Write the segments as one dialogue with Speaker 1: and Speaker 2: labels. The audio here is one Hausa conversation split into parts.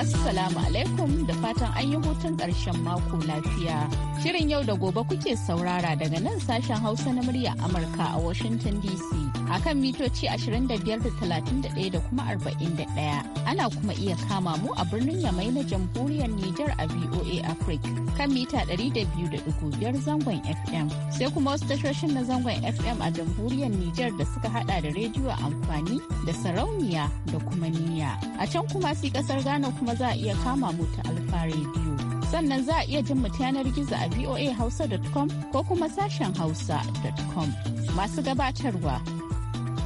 Speaker 1: Assalamu alaikum da fatan an yi hutun ƙarshen mako lafiya. Shirin yau da gobe kuke saurara daga nan sashen Hausa na murya Amurka a Washington DC a kan mitoci 25.31 da kuma 41. Ana kuma iya kama mu a birnin Yamai na jamhuriyar Nijar a VOA Africa kan mita 200.5 zangon FM. Sai kuma wasu tashoshin na zangon FM a jamhuriyar Nijar da suka hada da rediyo amfani da sarauniya da kuma niyya. A can kuma si kasar Ghana kuma za a iya kama mu ta Alfa Radio. sannan za a iya jin mu yanar gizo a voahausa.com ko kuma sashen hausa.com masu gabatarwa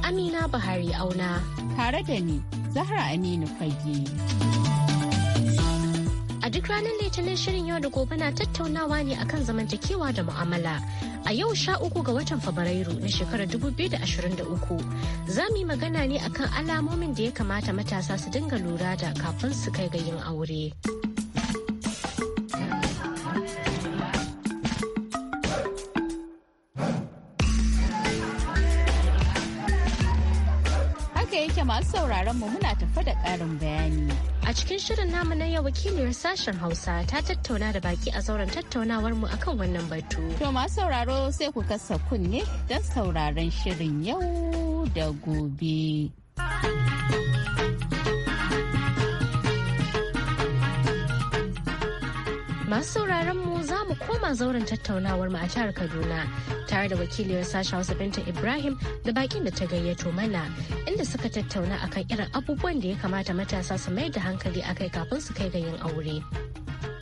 Speaker 1: amina
Speaker 2: buhari auna tare da ni zahra aminu fage a duk ranar litinin shirin yau da gobe na tattaunawa ne akan zamantakewa da mu'amala a yau sha uku ga watan fabrairu na shekarar 2023 za mu yi magana ne akan alamomin da ya kamata matasa su dinga lura da kafin su kai ga yin aure. masu sauraron mu muna tafa da ƙarin bayani. A cikin shirin namu na yau wakiliyar sashen Hausa ta tattauna da baki a zauren tattaunawar mu akan wannan batu. To
Speaker 1: masu sauraro sai ku kasa kunne don sauraron shirin yau da
Speaker 2: gobe. Masu sauraron mu za mu koma zauren tattaunawar mu a jihar Kaduna tare da wakiliyar sashen Hausa Binta Ibrahim da bakin da ta gayyato mana inda suka tattauna akan irin abubuwan da ya kamata matasa su mai da hankali akai kafin su kai ga yin aure.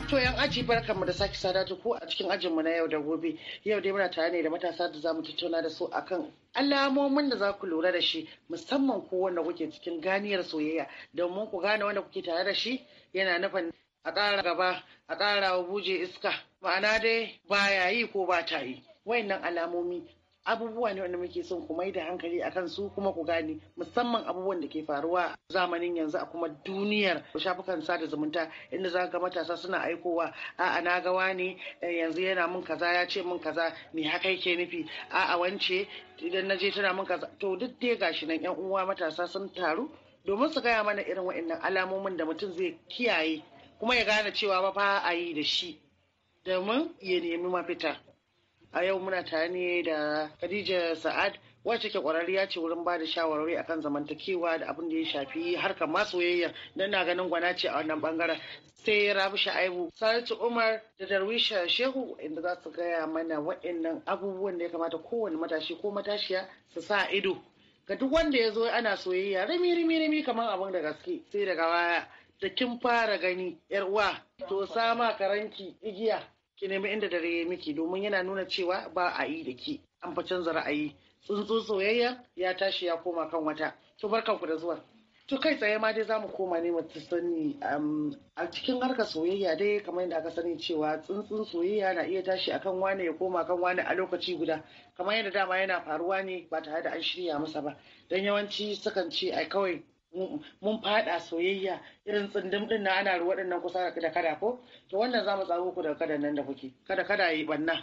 Speaker 3: To yan aji barkan mu da sake sada ko a cikin ajinmu na yau da gobe. Yau dai muna tare ne da matasa da zamu tattauna da su akan alamomin da za ku lura da shi musamman ko wanda kuke cikin ganiyar soyayya domin ku gane wanda kuke tare da shi yana nufin a tsara gaba a ƙara wa buje iska ma'ana dai ba ya yi ko ba ta yi wayannan alamomi abubuwa ne wanda muke son ku mai da hankali a kan su kuma ku gane musamman abubuwan da ke faruwa zamanin yanzu a kuma duniyar shafukan sada zumunta inda za ga matasa suna aikowa a'a na ga wani eh, yanzu yana mun kaza ya ce mun kaza me haka yake nufi A'a a wance idan na je tana mun kaza to duk dai gashi nan yan uwa matasa sun taru domin su gaya mana irin wa'annan alamomin da mutum zai kiyaye kuma ya gane cewa ba fa a yi da shi domin ya nemi mafita a yau muna tare ne da khadija sa'ad wacce ke kwararriya ce wurin ba da shawarwari akan zamantakewa da abin da ya shafi harkar masoyayya don na ganin gwana ce a wannan bangaren sai rabu sha'aibu saratu umar da darwisha shehu inda za su gaya mana wa'annan abubuwan da ya kamata kowane matashi ko matashiya su sa ido ga duk wanda ya zo ana soyayya rami rami rami kamar abin da gaske sai daga baya da kin fara gani yar uwa to sama karanki igiya ki nemi inda dare ya miki domin yana nuna cewa ba a yi da ki an fa canza ra'ayi tsuntsun soyayya ya tashi ya koma kan wata to barkanku da zuwa to kai tsaye ma dai zamu koma ne mu sani um, a cikin harkar soyayya dai kamar yadda aka sani cewa tsuntsun soyayya na iya tashi akan wane ya koma kan wane a lokaci guda kamar yadda dama yana faruwa ne ba tare da an shirya masa ba don yawanci sukan ce ai kawai mun faɗa soyayya irin tsindim din na ana ruwa nan kusa da kada ko to wannan za mu tsago ku daga kada nan da kuke kada kada yi banna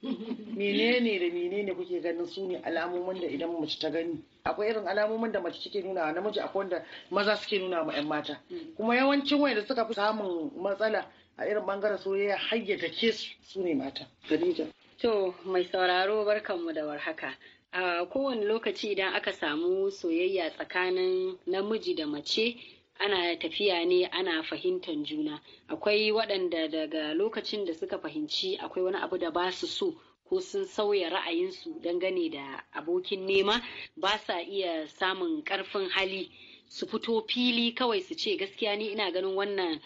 Speaker 3: menene da menene kuke ganin su ne alamomin da idan mace ta gani akwai irin alamomin da mace kike nuna namiji akwai wanda maza suke nuna ma yan mata kuma yawancin wanda suka fi samun matsala a irin bangaren soyayya hayyata ke su ne mata Khadija to
Speaker 4: mai sauraro barkanmu da warhaka a kowane lokaci idan aka samu soyayya tsakanin namiji da mace ana tafiya ne ana fahimtar juna akwai waɗanda daga lokacin da suka fahimci akwai wani abu da ba su so ko sun sauya ra'ayinsu dangane da abokin nema ba sa iya samun ƙarfin hali su fito fili kawai su ce gaskiya ni ina ganin wannan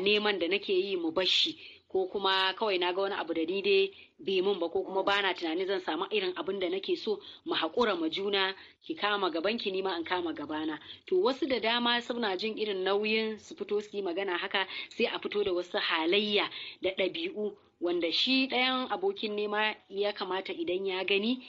Speaker 4: neman da nake yi mu bashi ko kuma kawai na ga wani abu da ni dai bai mun ba ko kuma bana tunanin zan samu irin abin da nake so mu haƙura ma juna ki kama gaban ki nima in kama gabana to wasu da dama suna jin irin nauyin su fito su yi magana haka sai a fito da wasu halayya da ɗabi'u wanda shi ɗayan abokin nema ya kamata idan ya gani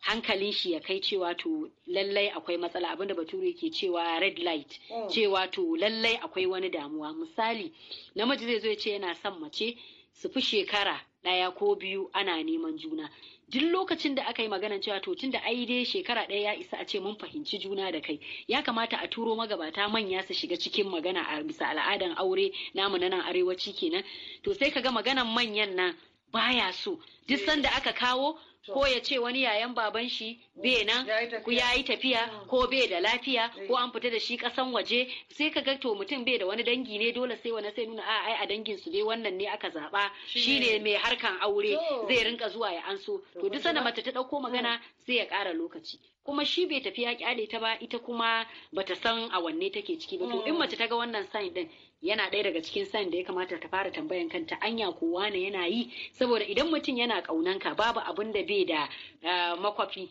Speaker 4: hankalin shi ya kai cewa to lallai akwai matsala abinda bature ke cewa red light oh. cewa to lallai akwai wani damuwa misali namiji zai zo ya ce yana son mace su fi shekara ɗaya ko biyu ana neman juna duk lokacin da aka yi magana cewa to tun da ai dai shekara ɗaya ya isa a ce mun fahimci juna da kai ya kamata a turo magabata manya su shiga cikin magana a bisa al'adan aure namu na nan arewaci kenan to sai kaga maganan manyan nan baya so duk sanda aka kawo ko ya ce wani yayan baban shi be mm, nan ya yi tafiya mm. ko bai da lafiya eh. ko an fita da shi kasan waje sai ka ga to mutum bai da wani dangi ne dole sai wani sai nuna ai a dangin su dai wannan ne aka zaba shine mai harkan aure zai rinka zuwa ya anso to duk sanda mace ta dauko mm. magana sai ya kara lokaci kuma shi bai tafiya kyale ta ba ita kuma bata san a wanne take ciki ba to in mace ta ga wannan sign din yana ɗaya daga cikin san da ya kamata ta fara tambayan kanta anya kowa ne yana yi saboda idan mutum yana ƙaunanka babu abin da bai da eh, makwafi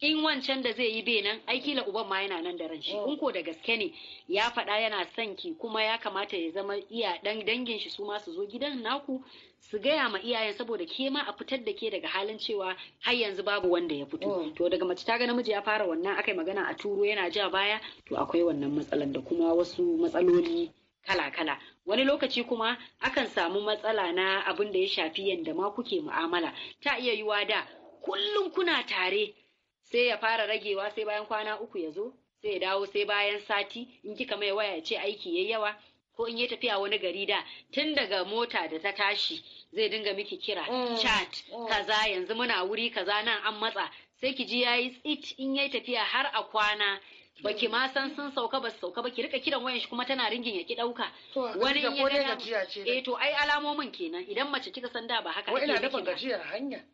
Speaker 4: in wancan da zai yi bai nan aikila uban ma yana nan da ran shi in ko da gaske ne ya faɗa yana son ki kuma ya kamata ya zama iya dan dangin shi su ma su zo gidan naku su gaya ma iyayen saboda ke ma a fitar da ke daga halin cewa har yanzu babu wanda ya fito mm. to daga mace ta ga namiji ya fara wannan akai magana a turo yana ja baya to akwai wannan matsalan da kuma wasu matsaloli kala-kala wani lokaci kuma akan samu matsala na abin da ya shafi yadda ma kuke mu'amala ta iya yiwa da kullum kuna tare sai ya fara ragewa sai bayan kwana uku ya zo sai ya dawo sai bayan sati in kika mai waya ce aiki ya yawa ko in ya tafiya wani gari da tun daga mota da ta tashi zai dinga miki kira cat mm, chat mm. kaza yanzu muna wuri kaza nan an matsa sai ki ji yayi tsit in yayi tafiya har a kwana baki ma san sun sauka ba sauka ba ki rika kiran wayan shi kuma tana ringin ya ki dauka wani ya ga gajiya ce eh to ai alamomin kenan idan mace kika san da ba haka ake ina gajiyar hanya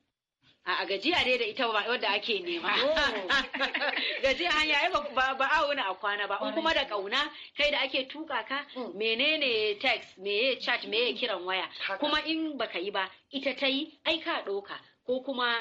Speaker 4: a gajiya dai da ita ba wadda ake nema oh. gajiya hanya ba ba a wani a kwana ba in kuma da kauna kai da ake tuka ka hmm. menene text meye chat meye kiran waya kuma in baka yi ba ita ta yi ai ka doka ko kuma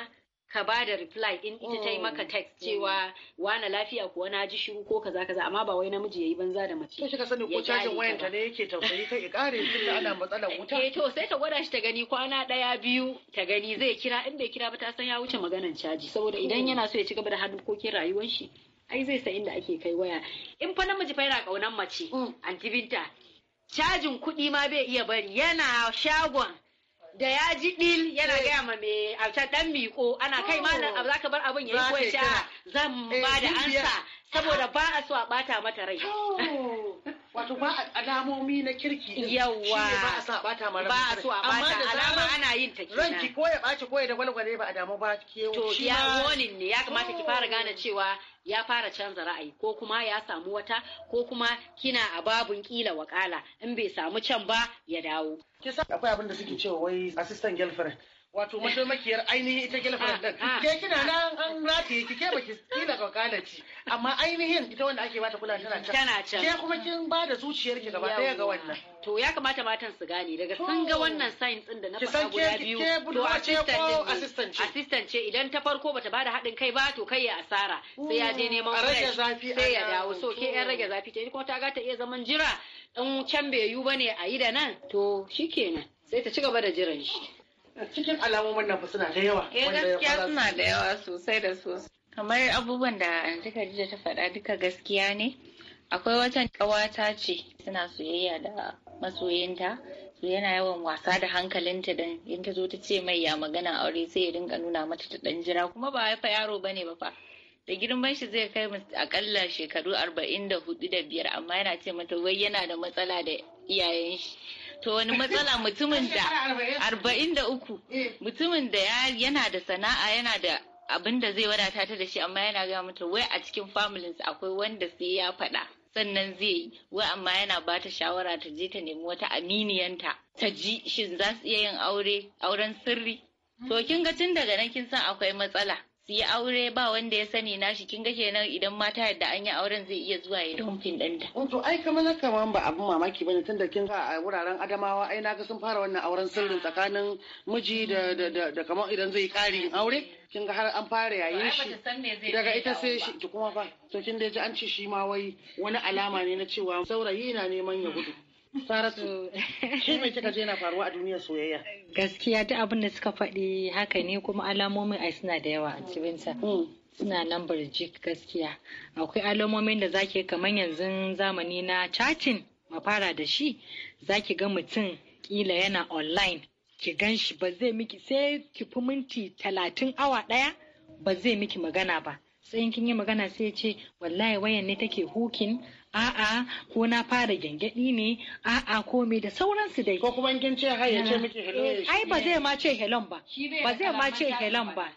Speaker 4: ka ba da reply in ita ta yi maka oh, text cewa wana lafiya ko na ji shiru ko kaza kaza amma ba wai namiji yayi banza da mace. Sai ka sani ko cajin wayan ta ne yake tausayi kai ya
Speaker 3: kare da ana
Speaker 4: matsalar wuta. Eh to sai ta gwada shi ta gani kwana ɗaya biyu ta gani zai kira in bai kira ba ta san ya wuce maganan caji saboda idan hmm. yana so ya ci gaba da kokin rayuwar shi ai zai sa inda ake kai waya. In fa namiji fa yana kaunan mace hmm. antibinta. cajin kuɗi ma bai iya bari yana shagon da ya ji dil yana eh. gaya ma me alcan dan miko ana kai oh. ma nan abu zaka bar abin yayi ko ya ah, zan eh, ba da ansa saboda ba
Speaker 3: a so a bata mata rai oh. wato ba alamomi na kirki yawa ba a sa bata mara ba a bata alama ana yin ta kenan ranki ko ya baci ko ya da gwalgwale ba a
Speaker 4: damu ba ke to ya wonin ne ya kamata ki fara oh. gane cewa ya fara canza ra'ayi ko kuma ya samu wata ko kuma kina a babun kila wakala in bai samu can ba
Speaker 3: ya dawo akwai abin da suke cewa wai assistant girlfriend wato mataimakiyar ainihin ita girlfriend din ah, ah. ke kina nan an rataye ki ke baki kila kokala ci amma ainihin ita wanda ake bata kula tana can tana ke kuma kin ba da zuciyar ki gaba daya ga wannan to ya kamata matan
Speaker 4: su gane daga sun ga wannan sign din da na fara guda biyu to assistant ce assistant ce idan ta farko bata bada haɗin kai ba to kai ya asara sai ya je neman rage zafi sai ya
Speaker 3: dawo so ke yan
Speaker 4: rage zafi ta kuma ta ga ta iya zaman jira dan can bai yu bane a yi da nan to shikenan sai ta ci gaba da jiran shi
Speaker 3: cikin alamomin nan suna da yawa eh gaskiya
Speaker 1: suna da yawa sosai da sosai kamar abubuwan da anti Khadija ta faɗa duka gaskiya ne akwai wata ƙawata ce suna soyayya da masoyinta su yana yawan wasa da hankalinta dan in ta zo ta ce mai ya magana aure sai ya dinga nuna mata ta dan jira kuma ba fa yaro bane ba fa da girman shi zai kai mu akalla shekaru arba'in da hudu da biyar amma yana ce mata wai yana da matsala da iyayen shi to wani matsala mutumin da arba'in da uku mutumin da yana da sana'a yana da abin da zai wadata ta da shi amma yana gaya mata wai a cikin familinsa akwai wanda sai ya faɗa sannan zai yi wai amma yana ba ta shawara ta je ta nemi wata aminiyanta ta ji shin za su iya yin aure auren sirri to kin ga tun daga nan kin san akwai matsala su yi aure ba wanda ya sani nashi kin ga kenan idan mata yadda an yi auren zai iya zuwa ya dumpin
Speaker 3: ɗinta. Wato oh, ai kamar kama ba abin mamaki bane tun da kin a wuraren Adamawa ai naga sun fara wannan auren sirrin tsakanin miji da da kamar idan zai ƙari aure. Kin ga har an fara yayin shi
Speaker 1: daga ita sai shi
Speaker 3: ki kuma fa? To kin da ji an ce shi ma wai wani alama ne na cewa saurayi na neman ya gudu. Saratu, shi mai kika je yana faruwa a duniyar soyayya?
Speaker 5: Gaskiya duk abin da suka faɗi haka ne kuma alamomin ai suna da yawa a cikinsa. Hmm. Suna nan jik gaskiya. Akwai alamomin da zake kamar yanzu zamani na chatting mafara da shi zaki ga mutum kila yana online ki gan shi ba zai miki sai ki fi minti talatin awa ɗaya ba zai miki magana ba. sai in kin yi magana sai ya ce wallahi wayan ne take hukin a'a ko na fara gyangyaɗi ne a'a ko me da sauransu
Speaker 3: dai ko kuma kin ce hai ya ce miki hello eh, ai ba zai ma ce hello ba ba zai ma ce hello ba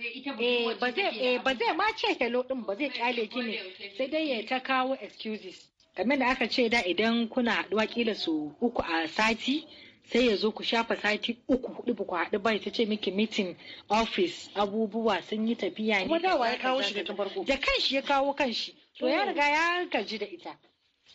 Speaker 5: Eh ba zai eh, ba zai ma ce hello din ba zai kyale ki ne sai dai ya ta kawo excuses kamar da aka ce da idan kuna haɗuwa kila su uku a sati sai ya zo ku shafa sati uku hudu ba ku haɗu ba ta ce miki meeting office abubuwa sun yi tafiya ne. Kuma wa ya kawo shi da ta farko. Da kanshi ya kawo kanshi. To ya riga ya gaji da ita.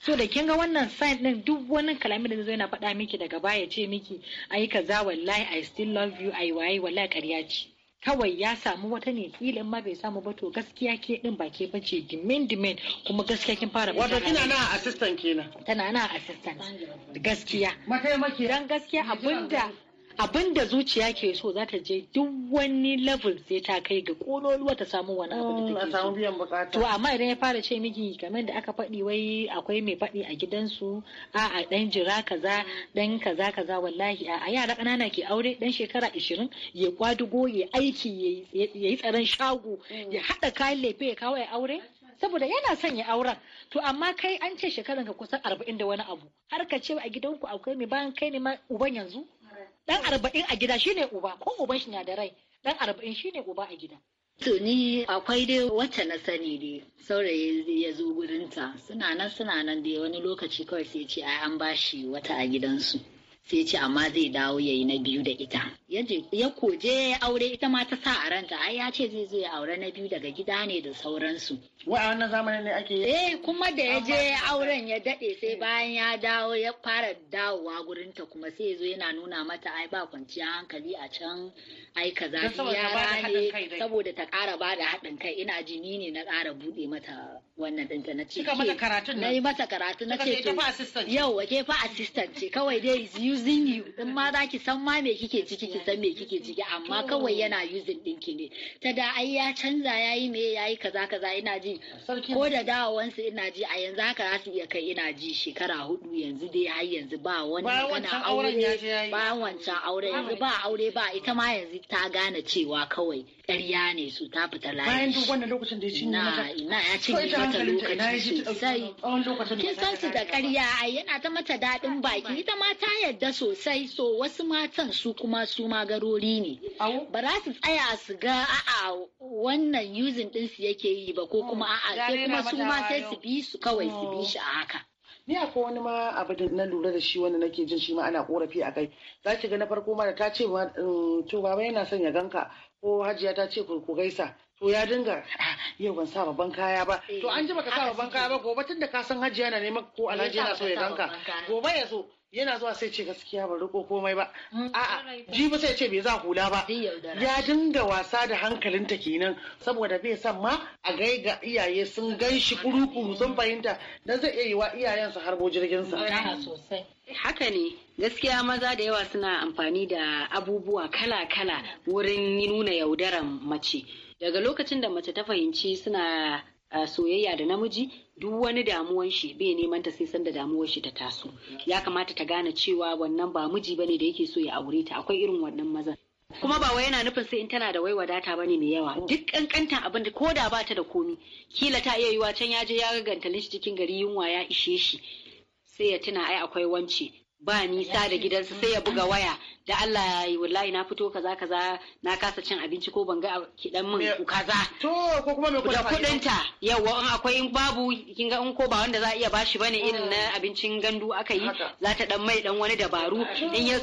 Speaker 5: So da kin ga wannan sign din duk wani kalamin da zai na faɗa miki daga baya ya ce miki ayi kaza wallahi I still love you ayi waye wallahi ƙarya ce. kawai ya samu wata ne kila ma bai samu ba to gaskiya ke din ba ke bace dimin dimin kuma gaskiya kin fara wato kina na
Speaker 3: assistant kenan
Speaker 5: tana na assistant gaskiya mataimaki dan gaskiya abinda abin da zuciya ke so za ta je duk wani level sai ta kai ga kololuwa ta samu wani abu da mm, take so to amma idan ya fara ce miki kamar da aka faɗi wai akwai mai faɗi a gidansu a a dan jira kaza dan kaza kaza wallahi a yara kanana ke aure dan shekara 20 ya kwadugo ya aiki ya yi tsaron shago mm. ya haɗa kayan lefe ya kawo ya aure saboda yana son ya auren to amma kai an ce shekaran ka kusan arba'in da wani abu har ka ce a gidanku akwai mai bayan kai ne ma uban yanzu dan arba'in a gida shine uba ko uban shi na da rai dan arba'in shine uba a gida
Speaker 6: To ni akwai dai wacce na sani dai saurayi ya zo gurinta suna nan suna nan dai wani lokaci kawai sai ce ai an bashi wata a gidansu sai ce amma zai dawo ya yi na biyu da ita ya koje ya aure ita ma ta sa a ranta ai ya ce zai zo ya aure na biyu daga gida ne da sauransu wa a wannan zamanin ne ake yi? Eh kuma da ya je auren ya daɗe sai eh. bayan ya dawo ya fara dawowa gurinta kuma sai ya zo yana nuna mata ai ba kwanciya hankali a can ai yi yara ne saboda ta ƙara ba da haɗin kai ina jini ne na ƙara buɗe mata wannan ɗinta na ce. ke mata karatun Na yi mata karatu na ce to yau ke fa assistant ce kawai dai is using you in ma za ki san ma me kike ciki ki san me kike ciki amma kawai yana using ɗinki ne. Ta da ai ya canza ya yi me ya yi kaza kaza ina ji ko da dawowansu ina ji a yanzu haka za su iya kai ina ji shekara hudu yanzu dai har yanzu ba wani kana aure bayan wancan aure yanzu ba aure ba ita ma yanzu ta gane cewa kawai ƙarya ne su ta fita layi. Bayan duk
Speaker 3: wannan lokacin da ya cinye mata. Ina ya cinye mata lokaci
Speaker 6: sosai. Kin san su da ƙarya ai yana ta mata daɗin baki ita ma ta yadda sosai so wasu matan su kuma su magarori ne. Ba za su tsaya su ga
Speaker 3: a'a wannan yuzin ɗinsu yake yi ba ko kuma a'a sai kuma su ma sai su bi su kawai su bi shi a haka. ni akwai wani ma abu da na lura da shi wanda nake jin shi ma ana korafi a kai za ki ga na farko ma da ta ce ma mm, to baba yana son ya ganka ko hajiya ta ce ku gaisa to ya dinga ah, yau ban sa babban kaya ba to eh, an ji baka sa babban kaya ba gobe tun da ka san hajiya na neman ko alhaji yana so ya danka gobe ya so yana zuwa sai ce gaskiya ba riko komai ba mm, a'a jibi sai ce bai za hula ba ya dinga wasa da hankalinta kenan saboda bai san ma a gai ga iyaye sun gan shi kuru sun mm. fahimta dan zai iya yiwa iyayen su harbo jirgin sa haka ne
Speaker 4: gaskiya maza da yawa suna amfani da abubuwa kala-kala wurin nuna yaudaran mace daga lokacin da mace ta fahimci suna ah, soyayya da namiji duk wani damuwan shi bai neman ta sai sanda damuwar shi ta taso ya kamata ta gane cewa wannan ba miji bane da yake so ya aure ta akwai irin wannan mazan kuma ba wai yana nufin sai in tana da wai wadata bane mai yawa duk kankantan abin da ko da bata da komi kila ta iya yiwa can ya je ya ga gantalin shi cikin gari yunwa ya ishe shi sai ya tuna ai akwai wance ba nisa da gidansa sai ya buga waya da Allah ya yi wallahi na fito kaza kaza na kasa cin abinci ko ban ga kidan min kaza to ko kuma me kuɗin yawa in akwai in babu kin ga in ko ba wanda za a iya bashi bane irin na hmm. abincin gandu aka yi za ta dan mai dan wani dabaru in ya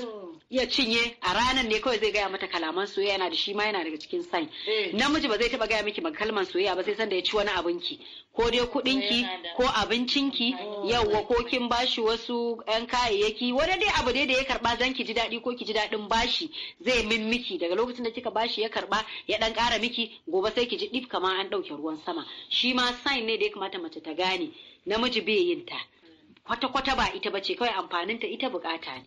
Speaker 4: ya cinye a ranar ne kawai zai gaya mata kalaman soyayya yana da shi ma yana daga cikin sign
Speaker 3: eh. namiji
Speaker 4: ba zai taba gaya miki kalman soyayya ba sai sanda ya ci wani abinki ko dai kudinki eh, ko abincinki eh, yawwa ko kin bashi wasu yan kayayyaki wani dai abu dai da ya karba zan ki ji dadi ko ki ji dadin bashi zai min miki daga lokacin da kika bashi ya karba ya dan kara miki gobe sai ki ji dif kamar an dauke ruwan sama shi ma sign ne da ya kamata mace ta gane namiji bai yin ta kwata-kwata ba ita bace kawai amfaninta ita bukata ne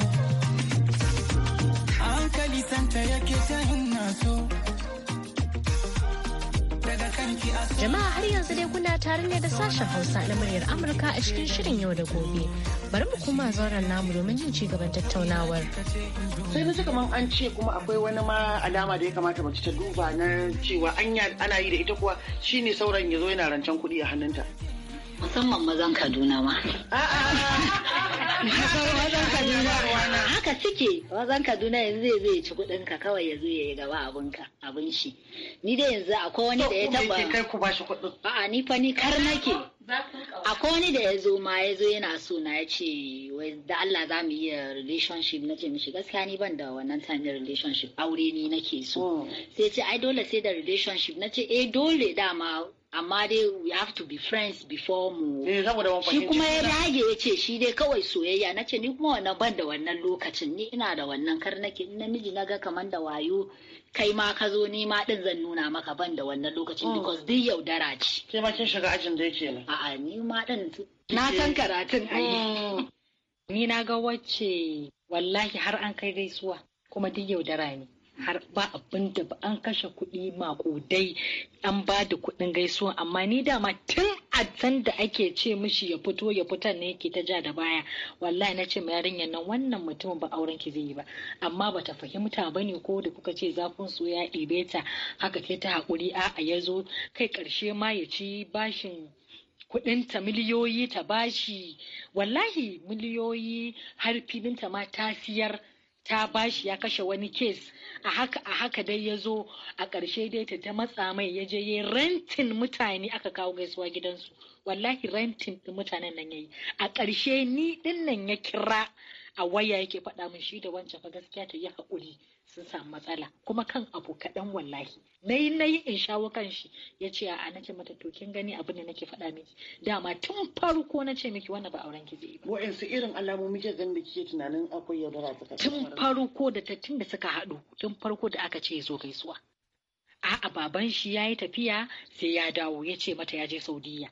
Speaker 2: Jama'a har yanzu dai kuna tare ne da sashen Hausa na muryar Amurka a cikin shirin yau da gobe. Bari mu kuma zauren namu domin jin ci gaban tattaunawar.
Speaker 3: Sai na kamar an ce kuma akwai wani ma alama da ya kamata mace ta duba na cewa anya ana yi da ita kuwa shine sauran ya zo yana rancen kuɗi a hannunta. Musamman mazan Kaduna ma. haka suke
Speaker 6: wazan kaduna yanzu zai zai ci kudin ka kawai ya zo ya yi gaba abin ka abin shi ni dai yanzu akwai wani da ya taba kai
Speaker 3: ku ba shi kudin a'a
Speaker 6: ni fa ni kar nake akwai wani da ya zo ma ya zo yana so na ya ce wai da Allah za mu iya relationship na ce mishi gaskiya ni ban da wannan time relationship aure ni nake so oh. sai ce ai dole sai da relationship na ce eh dole dama amma dai we have to be friends before mu eh,
Speaker 3: shi kuma ya
Speaker 6: dage ya ce shi dai kawai soyayya na ce ni kuma wannan ban da wannan lokacin ni ina da wannan kar nake namiji na ga kaman da wayo kai ma ka zo ni ma din zan nuna maka ban da wannan lokacin
Speaker 5: mm. because duk yaudara ce ke ma kin shiga ajin da yake ne a'a ni ma din na san karatun ai mm. ni na ga wacce wallahi har an kai gaisuwa kuma duk yaudara ne har ba abin da ba an kashe kuɗi maƙudai an ba da kuɗin gaisuwa amma ni dama tun a can da ake ce mishi ya fito ya fita ne yake ta ja da baya wallahi na ce ma yarinyar nan wannan mutumin ba auren ki zai yi ba amma bata fahimta ba ne ko da kuka ce zafin su ya ɗebe ta haka ta haƙuri a ya zo kai ƙarshe ma ya ci bashin ta miliyoyi ta bashi wallahi miliyoyi har filinta ma tafiyar. ta bashi ya kashe wani kes a haka a haka dai ya zo a ƙarshe dai ta ta matsa mai ya je ya rentin mutane aka kawo gaisuwa gidansu wallahi rentin ɗin mutanen nan yayi a ƙarshe ni ɗin nan ya kira a waya yake faɗa min shi da wancan fa gaskiya ta yi haƙuri sun samu matsala kuma kan abu kaɗan wallahi na yi na yi in shawo kan shi ya ce a nace mata tokin gani abin da nake faɗa miki dama tun farko na ce miki wannan ba auren ki zai
Speaker 3: ba su irin alamomi ke gani da kike tunanin akwai yaudara ta tun
Speaker 5: farko da ta tun da suka haɗu tun farko da aka ce zo gaisuwa a'a baban shi ya yi tafiya sai ya dawo ya ce mata ya je saudiya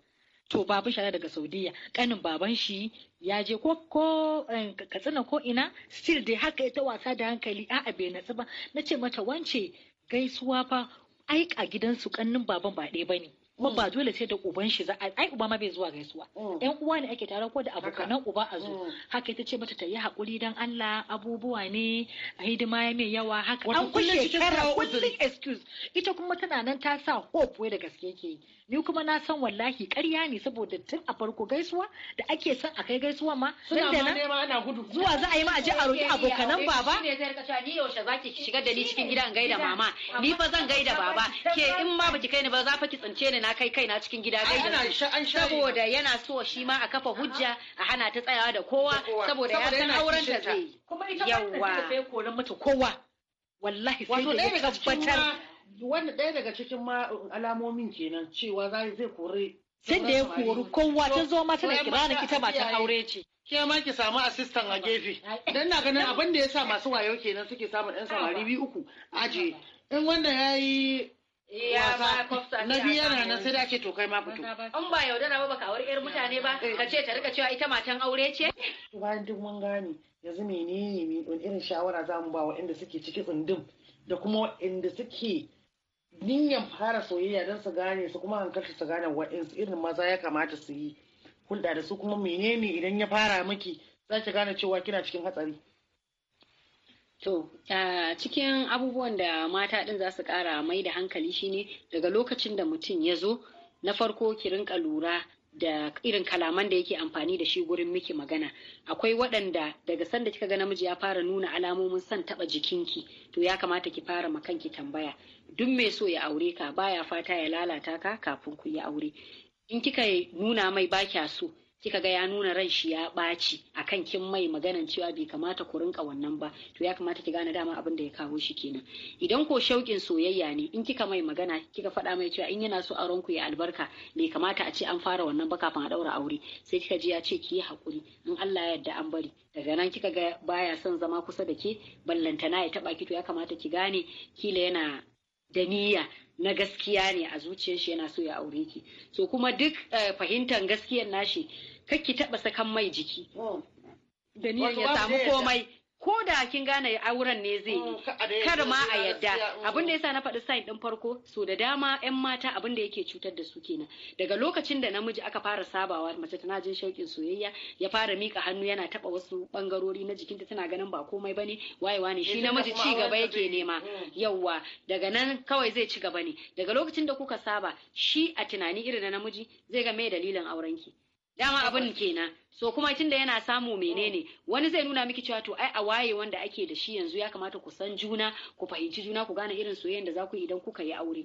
Speaker 5: to babu shara daga saudiya kanin baban shi ya je ko ko eh, katsina ko ina still dai haka ita wasa da hankali a bai na ba na ce mata wance gaisuwa fa ai a gidansu kannin baban ba ɗaya bane kuma ba mm. dole sai da uban shi za ai uba ma bai zuwa gaisuwa yan mm. uwa ne ake tare ko da abokanan uba a zo mm. haka ita ce mata ta yi hakuri dan Allah abubuwa ne a hidima ya mai yawa haka an kushe cikin kullum excuse ita kuma tana nan ta sa hope wai da gaske ke yi. ni kuma na san wallahi ƙarya ne saboda tun a farko gaisuwa da ake son a kai gaisuwa ma tun da na, zuwa za a yi ma a je a roƙi abokanan baba ne
Speaker 4: zai rika ni yaushe za ki shigar da ni cikin gida in gaida mama ni fa zan gaida baba ke in ma baki kai ni ba za fa ki tsince ni na kai kaina cikin gida gaida saboda yana so shi ma a kafa hujja a hana ta tsayawa da kowa saboda ya san auren ta zai yawa
Speaker 5: kowa
Speaker 3: wallahi sai da ya tabbatar wanda ɗaya daga cikin alamomin kenan cewa zai kore. sai da ya kori kowa ta zo mata da kiranin ita ta aure ce ke ma ki samu asistan a gefe dan na ganin abin da ya sa masu wayo kenan suke samun ɗan samari biyu uku aje in wanda ya yi eh, na biya na nan sai da ake to kai ma fito
Speaker 4: An ba yaudara ba baka aure yar mutane ba eh. ka ce ta rika cewa ita matan aure ce
Speaker 3: bayan duk mun gane yanzu menene ne irin shawara za mu ba wa inda suke ciki tsundum da kuma inda suke niyyan fara soyayya don su gane su kuma hankalta su gane wa'insu irin maza ya kamata su yi hulɗa da su kuma menene idan ya fara miki za ki gane cewa kina cikin hatsari. To,
Speaker 4: cikin abubuwan da mata ɗin za su ƙara mai da hankali shine daga lokacin da mutum ya zo na farko ki rinka lura da irin kalaman da yake amfani da shi gurin miki magana akwai waɗanda daga sanda kika ga namiji ya fara nuna alamomin son taba jikinki to ya kamata ki fara ma kanki tambaya duk mai so ya aure ka baya fata ya lalata ka kafin ku yi aure in kika nuna mai ba kya so kika ga ya nuna ran shi ya ɓaci a kan kin mai maganan cewa bai kamata ku rinka wannan ba to ya kamata ki gane dama abin da ya kawo shi kenan idan ko shauƙin soyayya ne in kika mai magana kika faɗa mai cewa in yana so auren ku ya albarka bai kamata a ce an fara wannan ba kafin a ɗaura aure sai kika ji ya ce ki yi haƙuri in Allah ya yarda an bari daga nan kika ga baya son zama kusa da ke ballantana ya taɓa ki to ya kamata ki gane kila yana da niyya na gaskiya ne a zuciyar shi yana so ya aure ki so kuma duk eh, fahimtar gaskiyar nashi kakki taba sakan mai jiki oh. da niyan ya samu komai ko da kin gane auren ne zai yi mm, kar ma a yadda mm. abin da yasa na faɗi sign ɗin farko so da dama ƴan mata abin da yake cutar da su kenan daga lokacin da namiji aka fara sabawa mace tana jin shauƙin soyayya ya fara mika hannu yana taɓa wasu ɓangarori na jikinta tana ganin ba komai bane wayewa ne shi namiji ci gaba yake nema mm. yawwa daga nan kawai zai ci gaba ne daga lokacin da kuka saba shi a tunani irin na namiji zai ga me dalilin aurenki dama abin kenan so kuma tunda yana samu menene wani zai nuna miki cewa to ai a waye wanda ake da shi yanzu ya kamata ku san juna ku fahimci juna ku gane irin soyayyen da za ku yi idan kuka yi aure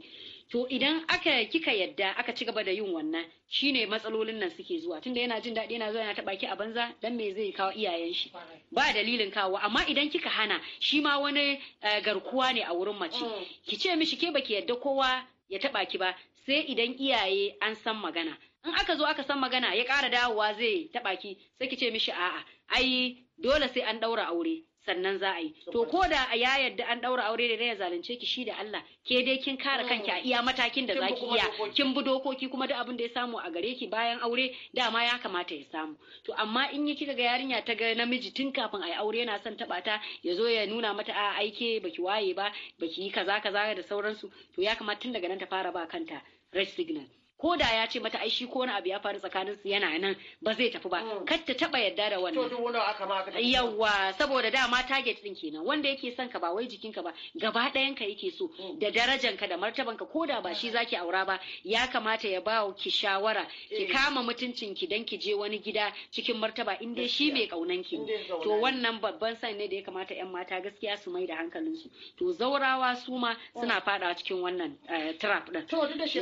Speaker 4: to idan aka kika yadda aka ci gaba da yin wannan shine matsalolin nan suke zuwa tunda yana jin daɗi yana zuwa yana taɓa ki a banza dan me zai kawo iyayen shi ba dalilin kawo amma idan kika hana shi ma wani eh, garkuwa ne a wurin mace mm. ki ce mishi ke baki yadda kowa ya taɓa ki ba sai idan iyaye an san magana in aka zo aka san magana ya ƙara dawowa zai taɓa ki, sai ki ce mishi a'a ai dole sai an ɗaura aure sannan za a yi to ko da ya yarda an ɗaura aure da ya zalunce ki shi da Allah ke dai kin kare kanki a iya matakin da zaki iya kin bi dokoki kuma duk abin da ya samu a gare ki bayan aure dama ya kamata ya samu to amma in yi kika ga yarinya ta ga namiji tun kafin a yi aure yana son taɓa ta ya zo ya nuna mata a aike baki waye ba baki yi kaza kaza da sauransu to ya kamata tun daga nan ta fara ba kanta red signal ko da ya ce mata aishi ko wani abu ya faru tsakanin su yana nan ba zai tafi ba mm. kar ta taba yadda da wannan to
Speaker 3: duk aka ma aka
Speaker 4: yawa target din kenan wanda yake son ka ba wai ka ba gaba ɗayan ka yake so mm. da darajan ka da martaban ka ko da ba shi mm. zaki aura ba ya kamata ya bawa ki shawara ki eh. kama mutuncin ki dan ki je wani gida cikin martaba in dai shi mai kaunan ki to wannan babban san ne da ya kamata yan mata gaskiya su mai da hankalin su to zaurawa su ma suna fada cikin wannan eh, trap din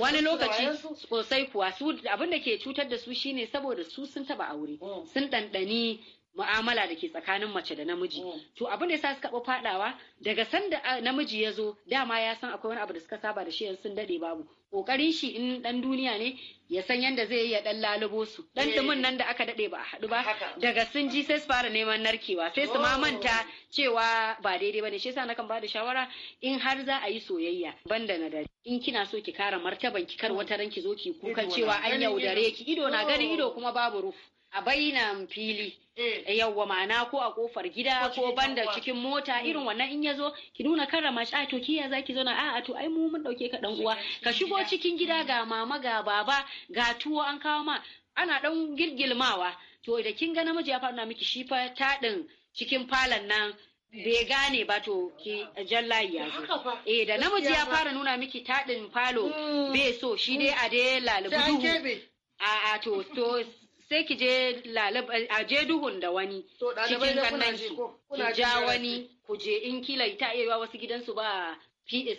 Speaker 4: wani lokaci Sosai kuwa su abin da ke cutar da su shine saboda su sun taba aure. Oh. Sun ɗanɗani mu'amala da ke tsakanin mace da namiji mm. to abin da yasa suka ba fadawa daga sanda namiji ya zo dama ya san akwai wani abu da suka saba da shi yanzu sun dade babu kokarin shi in dan duniya ne ya san yadda zai yi ya dan lalubo su dan dumin eh. nan da aka dade ba a haɗu ba daga sun ji sai su fara neman narkewa sai su ma oh. manta cewa ba daidai bane shi yasa nakan da shawara in har za a yi soyayya banda na dare in kina so ki kara martaban ki kar mm. wata ranki zo ki kukan cewa an yaudare ki ido na ganin oh. ido kuma babu rufu a bainan fili eh. yawwa ma'ana ko a kofar gida ko banda cikin mota mm. irin wannan in ya zo? ki nuna karrama shi a to ki ya zaki zauna a'a to ai mu mun dauke ka dan uwa ka shigo cikin gida mm. ga mama ga baba ga tuwo an kawo ma ana dan girgilmawa to da kin ga namiji ya faɗa miki shi fa taɗin cikin falon nan eh. bai gane ba to ki jallayi ya zo
Speaker 5: eh da namiji ya fara
Speaker 4: nuna miki taɗin falo mm. bai so shi dai a dai lalubu a a to to sai ki je a je duhun da wani cikin kannan ki ki ja wani ku je in kila ta iya wasu gidansu ba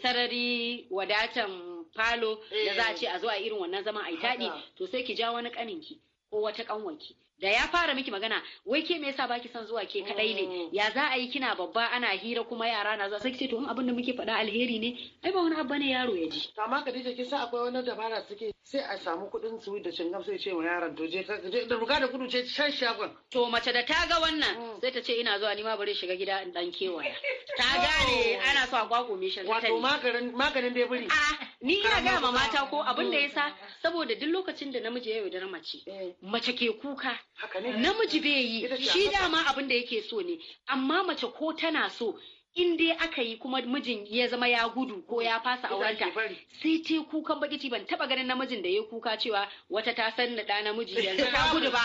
Speaker 4: sarari wadatan falo da za a eh. ce a zo a irin wannan zaman a yi taɗi to sai ki ja wani kaninki ko wata kanwanki da ya fara miki magana wai ke me yasa baki son zuwa ke kadai ne mm. ya za a yi kina babba ana hira kuma yara na za sai ce to abin da muke faɗa alheri ne ai ba wani abu
Speaker 3: ne yaro ya ji amma Khadija kin sa akwai wani dabara suke sai a samu kuɗin su da cingam sai ce wa yaron to je da ruga da gudu ce shan shagon
Speaker 4: to mace da ta ga wannan mm. sai ta ce ina zuwa ni ma bari shiga gida in dan kewaya ta gane oh. ana so a kwakume shi wato maganin maganin deburi ni ina gaya ma mata ko mm. abin da yasa saboda duk lokacin da namiji ya yaudara mace eh. mace ke kuka namiji bai yi shi dama abin da yake so ne amma mace ko tana so in dai aka yi kuma mijin ya zama ya gudu ko ya fasa aurenta sai ce kukan baki ban taba ganin namijin da ya kuka cewa wata ta san na da namiji yanzu ta gudu ba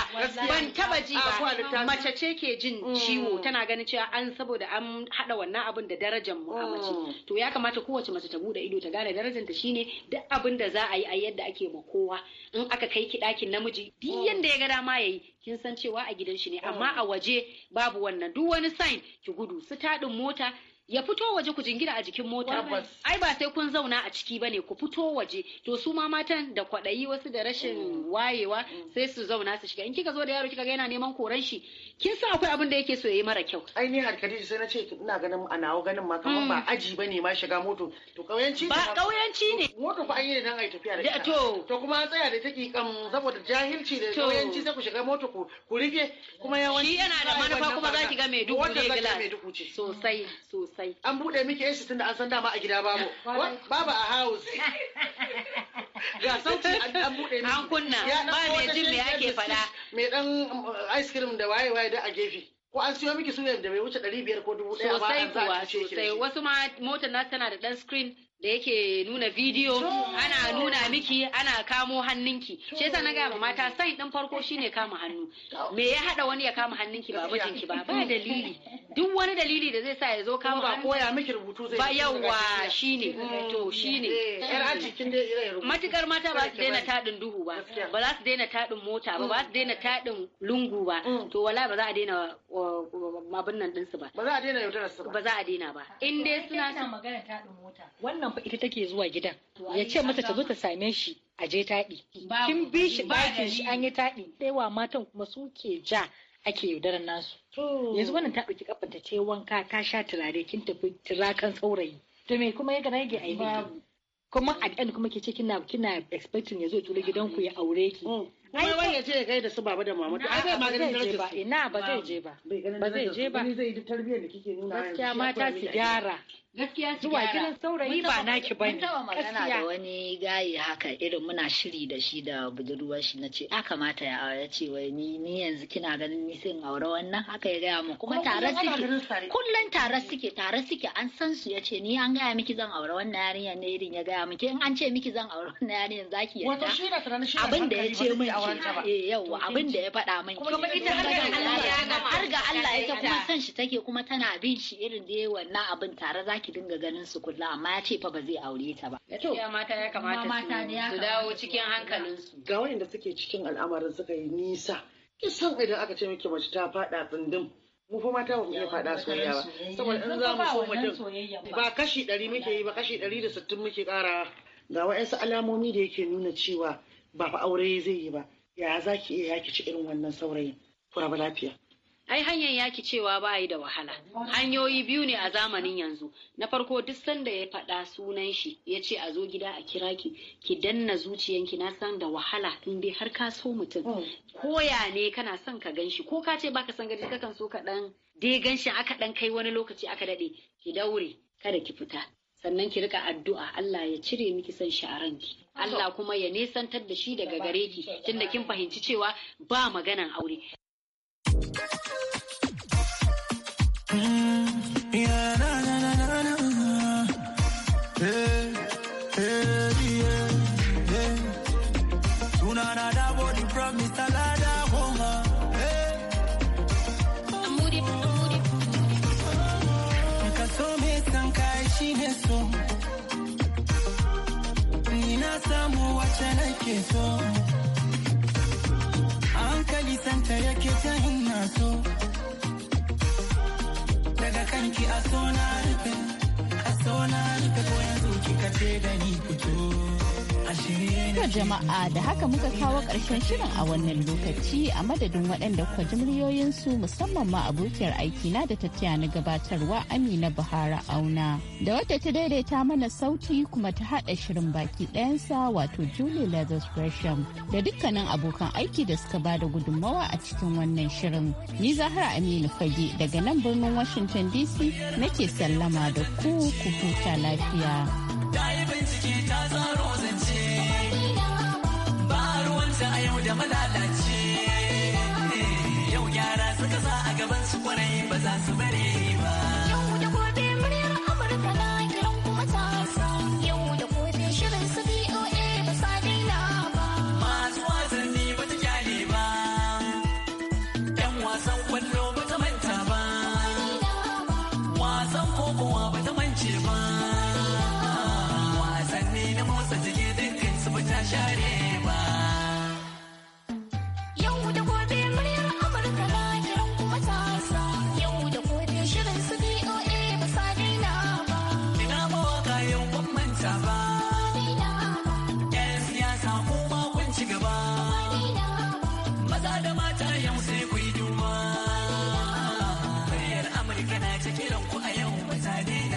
Speaker 4: ban taba ji ba mace ce ke jin mm. ciwo tana ganin cewa an saboda an haɗa wannan abin da darajar mu a mace mm. to ya kamata kowace mace ta bude ido ta gane darajar ta shine duk abin da za a yi a yadda ake ma kowa in aka kai ki dakin namiji duk mm. yanda ya ga dama yayi kin san cewa a gidan shi ne amma a waje babu wannan duk wani sign ki gudu su taɗin mota ya fito waje ku jingira a jikin mota ai ba sai kun zauna a ciki bane ku fito waje to su ma matan da kwaɗayi wasu da rashin mm. wayewa mm. sai su zauna su shiga in kika zo da yaro kika ga yana neman
Speaker 3: koran shi kin san akwai abin da yake so yayi mara kyau ai ni harkadiji sai na ce ina ganin a nawo ganin ma kamar ba mm. aji bane ma shiga moto to kauyanci ba kauyanci ne moto fa an yi dan ai tafiya da to to kuma an tsaya da take kam saboda jahilci da kauyanci sai ku shiga moto ku ku rike kuma yawanci shi yana da manufa kuma zaki ga mai duku ne gila sosai sosai sosai. An buɗe miki yesu da an san dama a gida babu. Babu a house. Ga sauti an buɗe miki. An kunna ba mai jin me ake faɗa. Mai ɗan uh, ice cream da waye waye da a gefe. ko an siyo miki suyan da bai wuce ɗari biyar ko dubu ɗaya ba an za a Sosai kuwa sosai
Speaker 4: wasu ma motar na tana da ɗan screen da yake nuna bidiyo ana nuna miki ana kamo hannunki shi yasa na gaya mata sai din farko shine kama hannu me ya hada wani ya kama hannunki ba mijinki ba ba dalili duk wani dalili da zai sa ya zo kama ba koya miki rubutu zai ba yawa shine eh, to shine eh,
Speaker 3: eh, matukar mata ba su daina
Speaker 4: tadin duhu ba ba za su daina tadin mota ba ba su daina tadin lungu ba mm. to wala ba za a daina mabinnan nan dinsu ba ba za a daina yaudarar su ba ba za a daina ba
Speaker 5: in dai suna magana tadin mota wannan wannan fa ita take zuwa gidan ya ce mata ta zo ta same shi a je taɗi kin bi shi ɗakin shi an yi taɗi da matan kuma su ke ja ake yaudarar nasu yanzu wannan ta ɗauki kafan ta ce wanka ta sha turare kin tafi turakan saurayi to me kuma ya rage aini kuma a ɗan kuma ke ce kina kina expecting ya zo tura gidanku ya aure ki mm.
Speaker 3: kuma wani ya ce ya kai da su baba da mama to ai ba zai je ba. ina ba zai je ba ba zai je ba ni zai yi tarbiyyar da kike nuna gaskiya mata su gyara
Speaker 4: gaskiya su gyara gidan saurayi ba naki bane mun magana da
Speaker 6: wani gayi haka irin muna shiri da shi da budurwar shi na ce a kamata ya aure ce wai ni ni yanzu kina ganin ni sun aure wannan haka ya gaya mu kuma tare suke kullun tare suke tare suke an san su ya ce ni an gaya miki zan aure wannan yarinyar ne irin ya gaya miki in an ce miki zan aure wannan yarinyar zaki yarda abin da ya ce mai sha'awarta ba eh, abin da ya faɗa min kuma ita har ga Allah ita kuma san shi take kuma tana bin shi irin da yayi wannan abin tare zaki dinga ganin su kullu amma ya ce fa ba zai aure ta ba to
Speaker 4: mata ya kamata su dawo cikin hankalinsu
Speaker 3: ga wanda suke cikin al'amarin suka yi nisa san idan aka ce miki mace ta faɗa tsindin mu fa mata mu iya faɗa soyayya ba saboda in za mu so mutum ba kashi ɗari muke yi ba kashi ɗari da sittin muke ƙara ga wa'yansu alamomi da yake nuna cewa ba fa aure zai yi ba ya za ki iya yaki ci irin wannan saurayin ku raba lafiya
Speaker 4: ai hanyar yaki cewa ba yi da wahala hanyoyi biyu ne a zamanin yanzu na farko duk sanda ya faɗa sunan shi ya ce a zo gida a kira ki ki danna zuciyanki na san da wahala in dai har ka so mutum oh. koya ne kana son ka gan shi ko ka ce baka san gaji kakan so ka dan dai gan shi aka dan kai wani lokaci aka daɗe ki daure kada ki fita sannan ki rika addu'a Allah ya cire miki son shi Allah kuma ya nesantar da shi daga gare ki tunda kin fahimci cewa ba maganan aure.
Speaker 3: ta nake so a hankali santa yake ta
Speaker 5: yin so
Speaker 3: daga kanki a so na rufe
Speaker 5: a so na rufe ko yanzu kika ce da ni fito To
Speaker 1: jama'a da haka muka kawo ƙarshen shirin a wannan lokaci a madadin waɗanda kuka ji muryoyinsu musamman ma abokiyar na da ta na gabatarwa Amina Bahara Auna. Da wata ta daidaita mana sauti kuma ta haɗa shirin baki ɗayansa wato Julie Lazarus Gresham da dukkanin abokan aiki da suka ba da gudunmawa a cikin wannan shirin. Ni Zahra Aminu Fage daga nan birnin Washington DC nake sallama da ku ku huta
Speaker 6: lafiya.